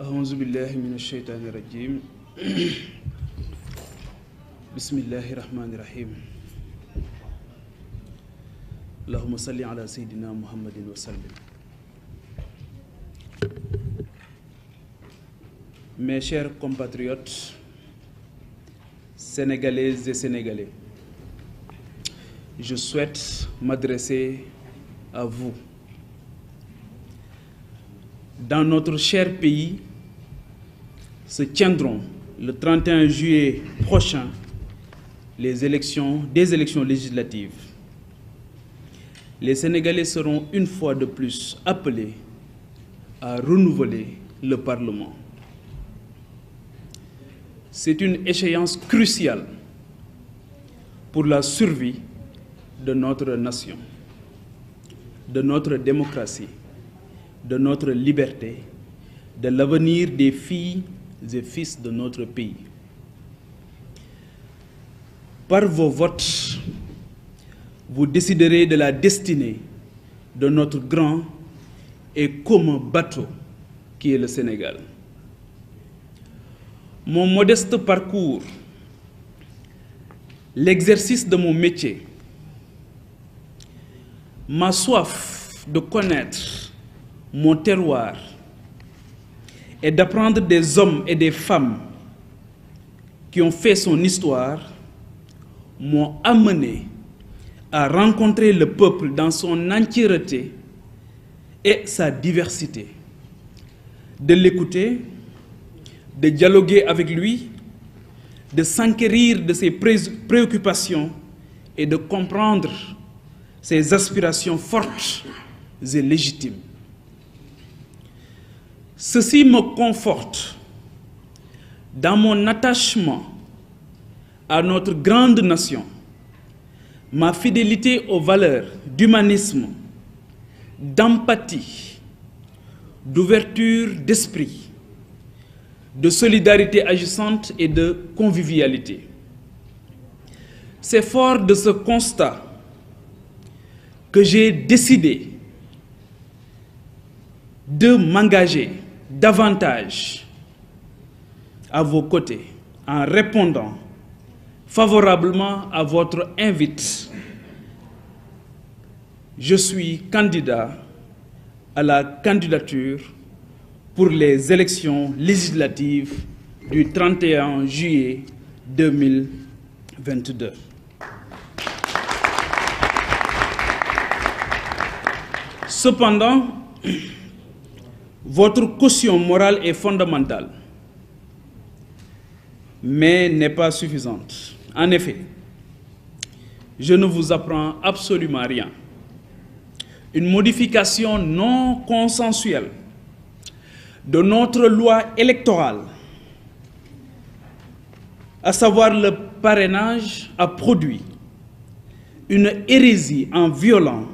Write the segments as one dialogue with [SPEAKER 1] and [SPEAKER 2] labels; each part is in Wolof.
[SPEAKER 1] أعوذ بالله من الشيطان الرجيم بسم الله الرحمن الرحيم اللهم صل على سيدنا محمد Mes chers compatriotes sénégalaises et sénégalais, je souhaite m'adresser à vous. Dans notre cher pays, se tiendront le 31 juillet prochain les élections, des élections législatives. Les Sénégalais seront une fois de plus appelés à renouveler le Parlement. C'est une échéance cruciale pour la survie de notre nation, de notre démocratie, de notre liberté, de l'avenir des filles et fils de notre pays. Par vos votes, vous déciderez de la destinée de notre grand et commun bateau qui est le Sénégal. Mon modeste parcours, l'exercice de mon métier, ma soif de connaître mon terroir et d'apprendre des hommes et des femmes qui ont fait son histoire m'ont amené à rencontrer le peuple dans son entièreté et sa diversité, de l'écouter, de dialoguer avec lui, de s'enquérir de ses pré préoccupations et de comprendre ses aspirations fortes et légitimes. Ceci me conforte dans mon attachement à notre grande nation, ma fidélité aux valeurs d'humanisme, d'empathie, d'ouverture d'esprit, de solidarité agissante et de convivialité. C'est fort de ce constat que j'ai décidé de m'engager davantage à vos côtés en répondant favorablement à votre invite. Je suis candidat à la candidature pour les élections législatives du 31 juillet 2022. Cependant, Votre caution morale est fondamentale, mais n'est pas suffisante. En effet, je ne vous apprends absolument rien. Une modification non consensuelle de notre loi électorale, à savoir le parrainage, a produit une hérésie en violant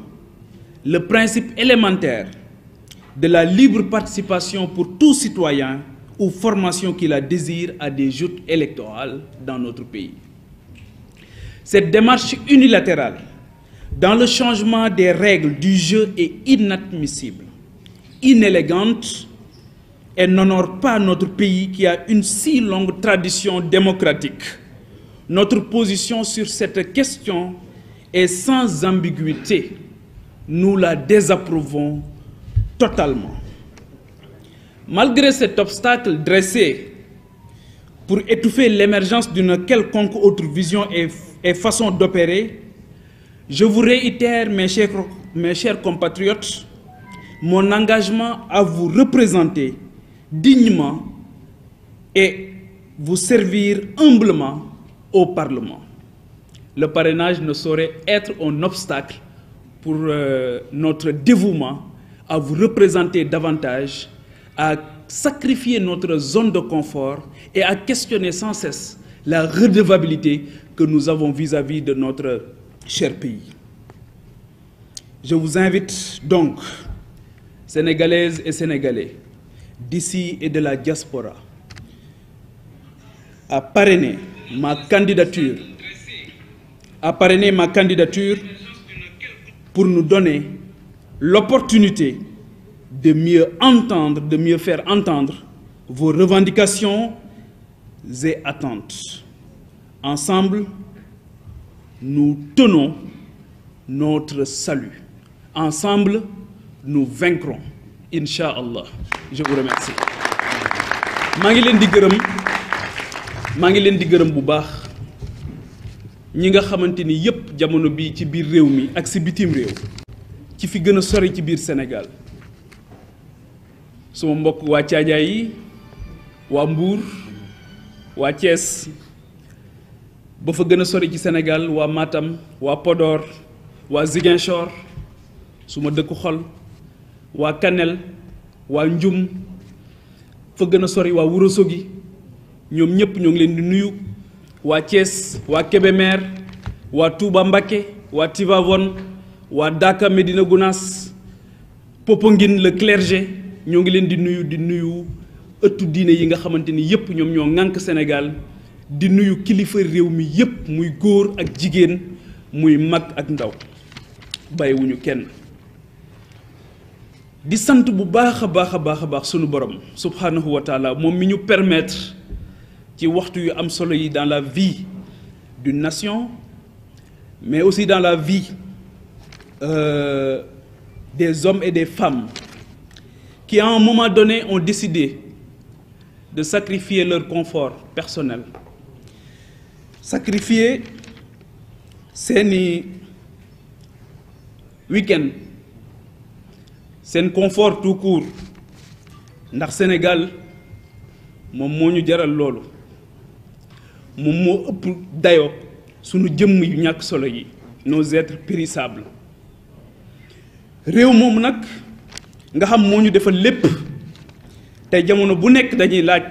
[SPEAKER 1] le principe élémentaire de la libre participation pour tous citoyen ou formation qui la désire à des joutes électorales dans notre pays. Cette démarche unilatérale dans le changement des règles du jeu est inadmissible, inélégante et n'honore pas notre pays qui a une si longue tradition démocratique. Notre position sur cette question est sans ambiguïté. Nous la désapprouvons totalement. Malgré cet obstacle dressé pour étouffer l'émergence d'une quelconque autre vision et, et façon d'opérer, je vous réitère, mes chers, mes chers compatriotes, mon engagement à vous représenter dignement et vous servir humblement au Parlement. Le parrainage ne saurait être un obstacle pour euh, notre dévouement à vous représenter davantage, à sacrifier notre zone de confort et à questionner sans cesse la redevabilité que nous avons vis-à-vis de notre cher pays. Je vous invite donc, Sénégalaises et Sénégalais, d'ici et de la diaspora, à parrainer ma candidature, à parrainer ma candidature pour nous donner l'opportunité de mieux entendre, de mieux faire entendre vos revendications et attentes. Ensemble, nu tenons notre salut. Ensemble, nu vaincrons. Inch'Allah. Je vous remercie. maa ngi leen di gërëm maa ngi leen di gërëm bu baax ñi nga xamante ni yépp jamono bi ci biir réew mi ak si bitim réew ci fi gën a sori ci biir Sénégal suma mbokk waa Caajaay waa Mbuur waa Cees ba fa gën a sori ci Sénégal waa Matam waa Podor waa Ziguinchor suma dëkku xol waa Kanel waa Njum fa gën a sori waa Ourossogui ñoom ñëpp ñoo ngi leen di nuyu waa Thiès waa Kébémer waa Touba Mbacké waa Tivaouane waa Daaka Medina Gounass Popenguine la clergé ñoo ngi leen di nuyu di nuyu ëttu diine yi nga xamante ni yëpp ñoom ñoo ŋànk Sénégal di nuyu kilifa réew mi yëpp muy góor ak jigéen muy mag ak ndaw bàyyiwuñu kenn. di sant bu baax a baax a baax a baax sunu borom subhanahu wa taala moom mi ñu permettre ci waxtu yu am solo yi dans la vie du nation mais aussi dans la vie. euh, des hommes et des femmes qui à un moment donné ont décidé de sacrifier leur confort personnel sacrifier seeni week seen confort tout court ndax Sénégal moom moo ñu jaral loolu moom moo ëpp dayo sunu jëmm yu ñàkk solo yi nos êtres prissables réew moomu nag nga xam moo ñu defal lépp tey jamono bu nekk dañuy laaj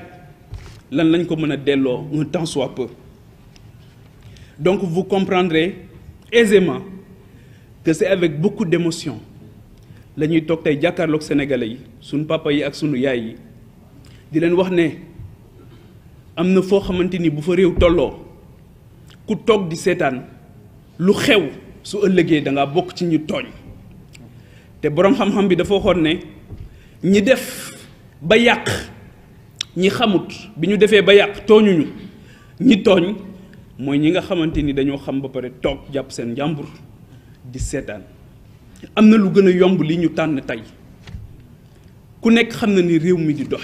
[SPEAKER 1] lan lañ ko mën a delloo mu temps soit donc vous comprendrez aisément que c'est avec beaucoup d'émotion la ñuy toog tey jàkkaarlook sénégalais yi sunu papa yi ak sunu yaay yi di leen wax ne am na foo xamante ni bu fa réew tolloo ku toog di seetaan lu xew su ëllëgee da ngaa bokk ci ñu tooñ. te boroom xam-xam bi dafa waxoon ne ñi def ba yàq ñi xamut bi ñu defee ba yàq tooñuñu ñi tooñ mooy ñi nga xamante ni dañoo xam ba pare toog jàpp seen njàmbur di seetaan am na lu gën a yomb li ñu tànn tey ku nekk xam na ni réew mi di doxe